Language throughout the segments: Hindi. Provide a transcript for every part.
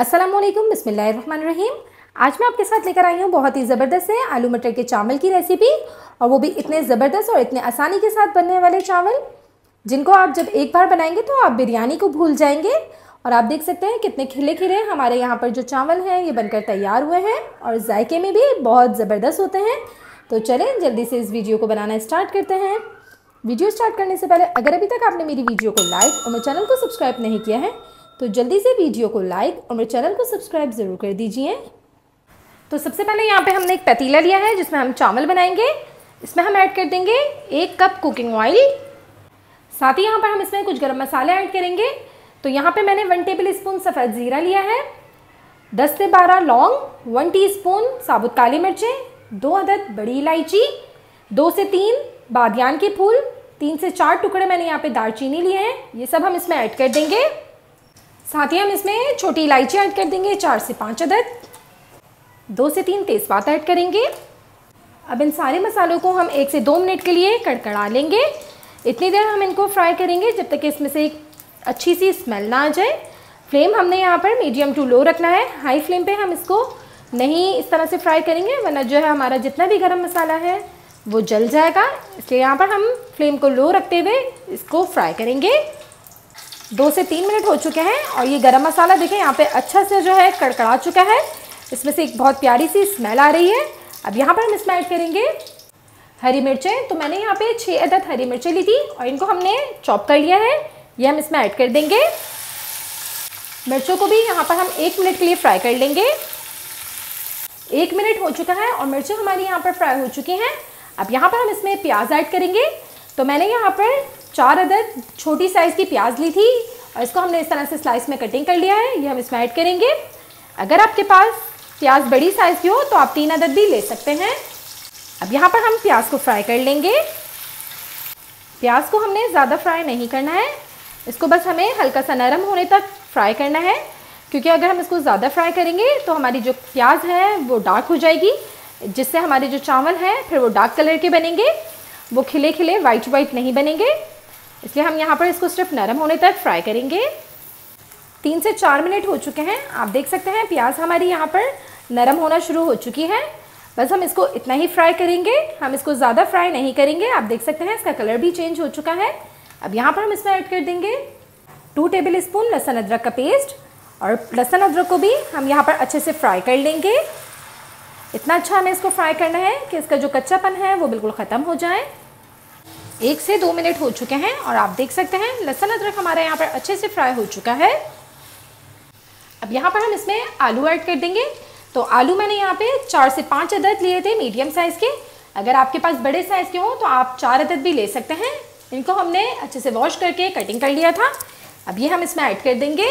असलम रहीम आज मैं आपके साथ लेकर आई हूँ बहुत ही ज़बरदस्त है आलू मटर के चावल की रेसिपी और वो भी इतने ज़बरदस्त और इतने आसानी के साथ बनने वाले चावल जिनको आप जब एक बार बनाएंगे तो आप बिरयानी को भूल जाएंगे और आप देख सकते हैं कितने खिले खिले हमारे यहाँ पर जो चावल हैं ये बनकर तैयार हुए हैं और जायके में भी बहुत ज़बरदस्त होते हैं तो चलें जल्दी से इस वीडियो को बनाना स्टार्ट करते हैं वीडियो स्टार्ट करने से पहले अगर अभी तक आपने मेरी वीडियो को लाइक और मेरे चैनल को सब्सक्राइब नहीं किया है तो जल्दी से वीडियो को लाइक और मेरे चैनल को सब्सक्राइब ज़रूर कर दीजिए तो सबसे पहले यहाँ पे हमने एक पतीला लिया है जिसमें हम चावल बनाएंगे इसमें हम ऐड कर देंगे एक कप कुकिंग ऑयल साथ ही यहाँ पर हम इसमें कुछ गर्म मसाले ऐड करेंगे तो यहाँ पे मैंने वन टेबल स्पून सफ़ेद ज़ीरा लिया है दस से बारह लौंग वन स्पून साबुत काली मिर्चें दो अदद बड़ी इलायची दो से तीन बादियान के फूल तीन से चार टुकड़े मैंने यहाँ पे दालचीनी लिए हैं ये सब हम इसमें ऐड कर देंगे साथ ही हम इसमें छोटी इलायची ऐड कर देंगे चार से पाँच अदद दो से तीन तेज़पात ऐड करेंगे अब इन सारे मसालों को हम एक से दो मिनट के लिए कड़कड़ा लेंगे इतनी देर हम इनको फ्राई करेंगे जब तक इसमें से एक अच्छी सी स्मेल ना आ जाए फ्लेम हमने यहाँ पर मीडियम टू लो रखना है हाई फ्लेम पे हम इसको नहीं इस तरह से फ्राई करेंगे वरना जो है हमारा जितना भी गरम मसाला है वो जल जाएगा इसलिए यहाँ पर हम फ्लेम को लो रखते हुए इसको फ्राई करेंगे दो से तीन मिनट हो चुके हैं और ये गरम मसाला देखें यहाँ पे अच्छा से जो है कड़कड़ा चुका है इसमें से एक बहुत प्यारी सी स्मेल आ रही है अब यहाँ पर हम इसमें ऐड करेंगे हरी मिर्चें तो मैंने यहाँ पे छः अदद हरी मिर्चें ली थी और इनको हमने चॉप कर लिया है ये हम इसमें ऐड कर देंगे मिर्चों को भी यहाँ पर हम एक मिनट के लिए फ्राई कर लेंगे एक मिनट हो चुका है और मिर्चें हमारी यहाँ पर फ्राई हो चुकी हैं अब यहाँ पर हम इसमें प्याज ऐड करेंगे तो मैंने यहाँ पर चार अदर छोटी साइज़ की प्याज ली थी और इसको हमने इस तरह से स्लाइस में कटिंग कर लिया है ये हम इसमें ऐड करेंगे अगर आपके पास प्याज बड़ी साइज़ की हो तो आप तीन अदद भी ले सकते हैं अब यहाँ पर हम प्याज को फ्राई कर लेंगे प्याज को हमने ज़्यादा फ्राई नहीं करना है इसको बस हमें हल्का सा नरम होने तक फ्राई करना है क्योंकि अगर हम इसको ज़्यादा फ्राई करेंगे तो हमारी जो प्याज है वो डार्क हो जाएगी जिससे हमारे जो चावल हैं फिर वो डार्क कलर के बनेंगे वो खिले खिले वाइट वाइट नहीं बनेंगे इसलिए हम यहाँ पर इसको सिर्फ नरम होने तक फ्राई करेंगे तीन से चार मिनट हो चुके हैं आप देख सकते हैं प्याज हमारी यहाँ पर नरम होना शुरू हो चुकी है बस हम इसको इतना ही फ्राई करेंगे हम इसको ज़्यादा फ्राई नहीं करेंगे आप देख सकते हैं इसका कलर भी चेंज हो चुका है अब यहाँ पर हम इसमें ऐड कर देंगे टू टेबल स्पून लहसुन अदरक का पेस्ट और लहसुन अदरक को भी हम यहाँ पर अच्छे से फ्राई कर लेंगे इतना अच्छा हमें इसको फ्राई करना है कि इसका जो कच्चापन है वो बिल्कुल ख़त्म हो जाए एक से दो मिनट हो चुके हैं और आप देख सकते हैं लहसन अदरक हमारा यहाँ पर अच्छे से फ्राई हो चुका है अब यहाँ पर हम इसमें आलू ऐड कर देंगे तो आलू मैंने यहाँ पे चार से पाँच अदद लिए थे मीडियम साइज़ के अगर आपके पास बड़े साइज़ के हों तो आप चार अदद भी ले सकते हैं इनको हमने अच्छे से वॉश करके कटिंग कर लिया था अब ये हम इसमें ऐड कर देंगे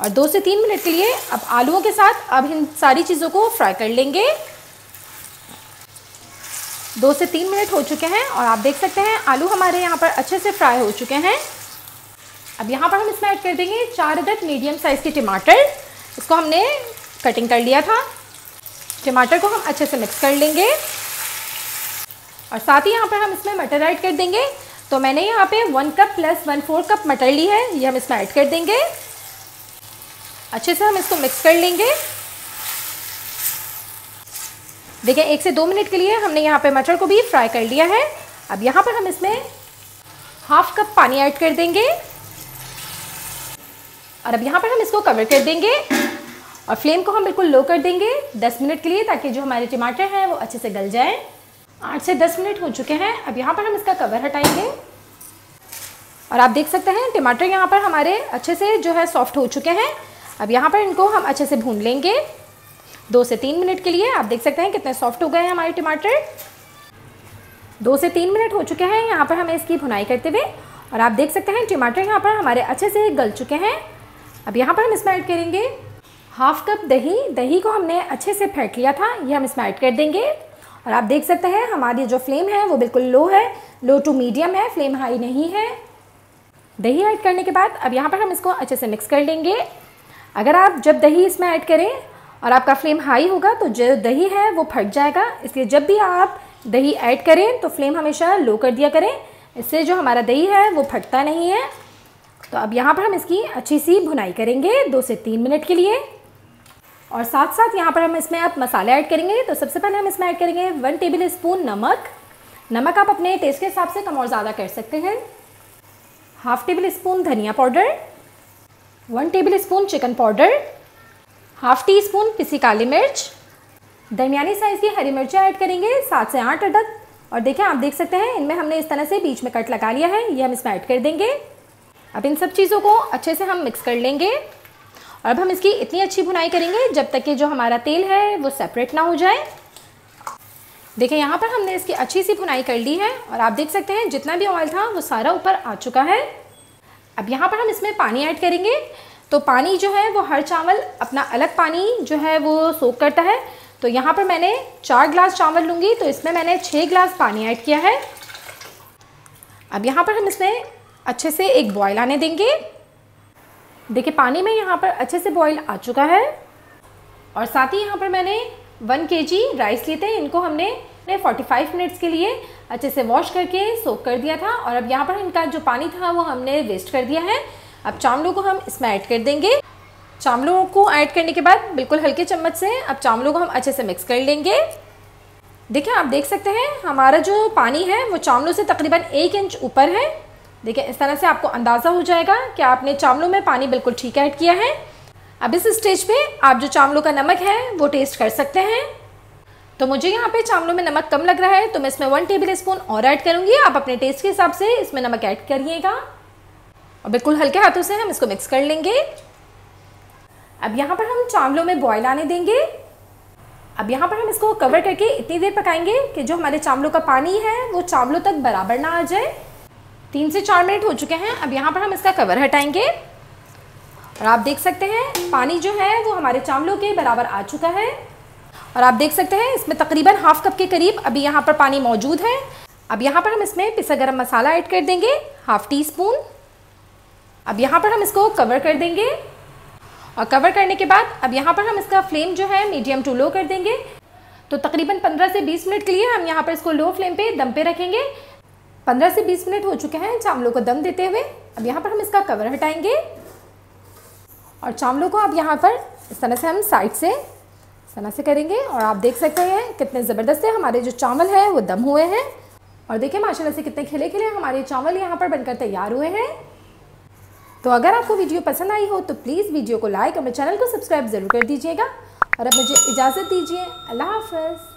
और दो से तीन मिनट के लिए अब आलूओं के साथ अब इन सारी चीज़ों को फ्राई कर लेंगे दो से तीन मिनट हो चुके हैं और आप देख सकते हैं आलू हमारे यहाँ पर अच्छे से फ्राई हो चुके हैं अब यहाँ पर हम इसमें ऐड कर देंगे चार अदद मीडियम साइज़ के टमाटर इसको हमने कटिंग कर लिया था टमाटर को हम अच्छे से मिक्स कर लेंगे और साथ ही यहाँ पर हम इसमें मटर ऐड कर देंगे तो मैंने यहाँ पे one cup plus one four cup मटर ली है ये हम इसमें ऐड कर देंगे अच्छे से हम इसको मिक्स कर लेंगे देखिए एक से दो मिनट के लिए हमने यहाँ पे मटर को भी फ्राई कर लिया है अब यहाँ पर हम इसमें हाफ कप पानी ऐड कर देंगे और अब यहाँ पर हम इसको कवर कर देंगे और फ्लेम को हम बिल्कुल लो कर देंगे 10 मिनट के लिए ताकि जो हमारे टमाटर हैं वो अच्छे से गल जाएं आठ से दस मिनट हो चुके हैं अब यहाँ पर हम इसका कवर हटाएंगे और आप देख सकते हैं टमाटर यहाँ पर हमारे अच्छे से जो है सॉफ्ट हो चुके हैं अब यहाँ पर इनको हम अच्छे से भून लेंगे दो से तीन मिनट के लिए आप देख सकते हैं कितने सॉफ्ट हो गए हैं हमारे टमाटर दो से तीन मिनट हो चुके हैं यहाँ पर हमें इसकी भुनाई करते हुए और आप देख सकते हैं टमाटर यहाँ पर हमारे अच्छे से गल चुके हैं अब यहाँ पर हम इसमें ऐड करेंगे हाफ कप दही दही को हमने अच्छे से फेंट लिया था ये हम इसमें ऐड कर देंगे और आप देख सकते हैं हमारी जो फ्लेम है वो बिल्कुल लो है लो टू मीडियम है फ्लेम हाई नहीं है दही ऐड करने के बाद अब यहाँ पर हम इसको अच्छे से मिक्स कर लेंगे अगर आप जब दही इसमें ऐड करें और आपका फ्लेम हाई होगा तो जो दही है वो फट जाएगा इसलिए जब भी आप दही ऐड करें तो फ्लेम हमेशा लो कर दिया करें इससे जो हमारा दही है वो फटता नहीं है तो अब यहाँ पर हम इसकी अच्छी सी भुनाई करेंगे दो से तीन मिनट के लिए और साथ साथ यहाँ पर हम इसमें अब मसाले ऐड करेंगे तो सबसे पहले हम इसमें ऐड करेंगे वन टेबल स्पून नमक नमक आप अपने टेस्ट के हिसाब से कम और ज़्यादा कर सकते हैं हाफ टेबल स्पून धनिया powder one tablespoon chicken powder half teaspoon पिसी काली मिर्च दरमिया साइज़ की हरी मिर्चें ऐड करेंगे सात से आठ अदद और देखिए आप देख सकते हैं इनमें हमने इस तरह से बीच में कट लगा लिया है ये हम इसमें ऐड कर देंगे अब इन सब चीज़ों को अच्छे से हम मिक्स कर लेंगे और अब हम इसकी इतनी अच्छी भुनाई करेंगे जब तक कि जो हमारा तेल है वो सेपरेट ना हो जाए देखिए यहाँ पर हमने इसकी अच्छी सी भुनाई कर ली है और आप देख सकते हैं जितना भी ऑयल था वो सारा ऊपर आ चुका है अब यहाँ पर हम इसमें पानी ऐड करेंगे तो पानी जो है वो हर चावल अपना अलग पानी जो है वो सोख करता है तो यहाँ पर मैंने चार ग्लास चावल लूँगी तो इसमें मैंने छः ग्लास पानी ऐड किया है अब यहाँ पर हम इसमें अच्छे से एक बॉयल आने देंगे देखिए पानी में यहाँ पर अच्छे से बॉयल आ चुका है और साथ ही यहाँ पर मैंने वन के जी राइस लिए थे इनको हमने ने 45 मिनट्स के लिए अच्छे से वॉश करके सोक कर दिया था और अब यहाँ पर इनका जो पानी था वो हमने वेस्ट कर दिया है अब चावलों को हम इसमें ऐड कर देंगे चावलों को ऐड करने के बाद बिल्कुल हल्के चम्मच से अब चावलों को हम अच्छे से मिक्स कर लेंगे देखिए आप देख सकते हैं हमारा जो पानी है वो चावलों से तकरीबन एक इंच ऊपर है देखिए इस तरह से आपको अंदाज़ा हो जाएगा कि आपने चावलों में पानी बिल्कुल ठीक ऐड किया है अब इस स्टेज पे आप जो चावलों का नमक है वो टेस्ट कर सकते हैं तो मुझे यहाँ पे चावलों में नमक कम लग रहा है तो मैं इसमें वन टेबल स्पून और ऐड करूँगी आप अपने टेस्ट के हिसाब से इसमें नमक ऐड करिएगा और बिल्कुल हल्के हाथों से हम इसको मिक्स कर लेंगे अब यहाँ पर हम चावलों में बॉयल आने देंगे अब यहाँ पर हम इसको कवर करके इतनी देर पकाएंगे कि जो हमारे चावलों का पानी है वो चावलों तक बराबर ना आ जाए तीन से चार मिनट हो चुके हैं अब यहाँ पर हम इसका कवर हटाएंगे और आप देख सकते हैं पानी जो है वो हमारे चावलों के बराबर आ चुका है और आप देख सकते हैं इसमें तकरीबन हाफ कप के करीब अभी यहाँ पर पानी मौजूद है अब यहाँ पर हम इसमें पिसा गरम मसाला ऐड कर देंगे हाफ टी स्पून अब यहाँ पर हम इसको कवर कर देंगे और कवर करने के बाद अब यहाँ पर हम इसका फ्लेम जो है मीडियम टू लो कर देंगे तो तकरीबन 15 से 20 मिनट के लिए हम यहाँ पर इसको लो फ्लेम पे दम पे रखेंगे 15 से 20 मिनट हो चुके हैं चावलों को दम देते हुए अब यहाँ पर हम इसका कवर हटाएंगे और चावलों को अब यहाँ पर इस तरह से हम साइड से इस तरह से करेंगे और आप देख सकते हैं कितने ज़बरदस्त है हमारे जो चावल हैं वो दम हुए हैं और देखिए माशाल्लाह से कितने खिले खिले हमारे चावल यहाँ पर बनकर तैयार हुए हैं तो अगर आपको वीडियो पसंद आई हो तो प्लीज़ वीडियो को लाइक और मेरे चैनल को सब्सक्राइब ज़रूर कर दीजिएगा और अब मुझे इजाज़त दीजिए अल्लाह हाफ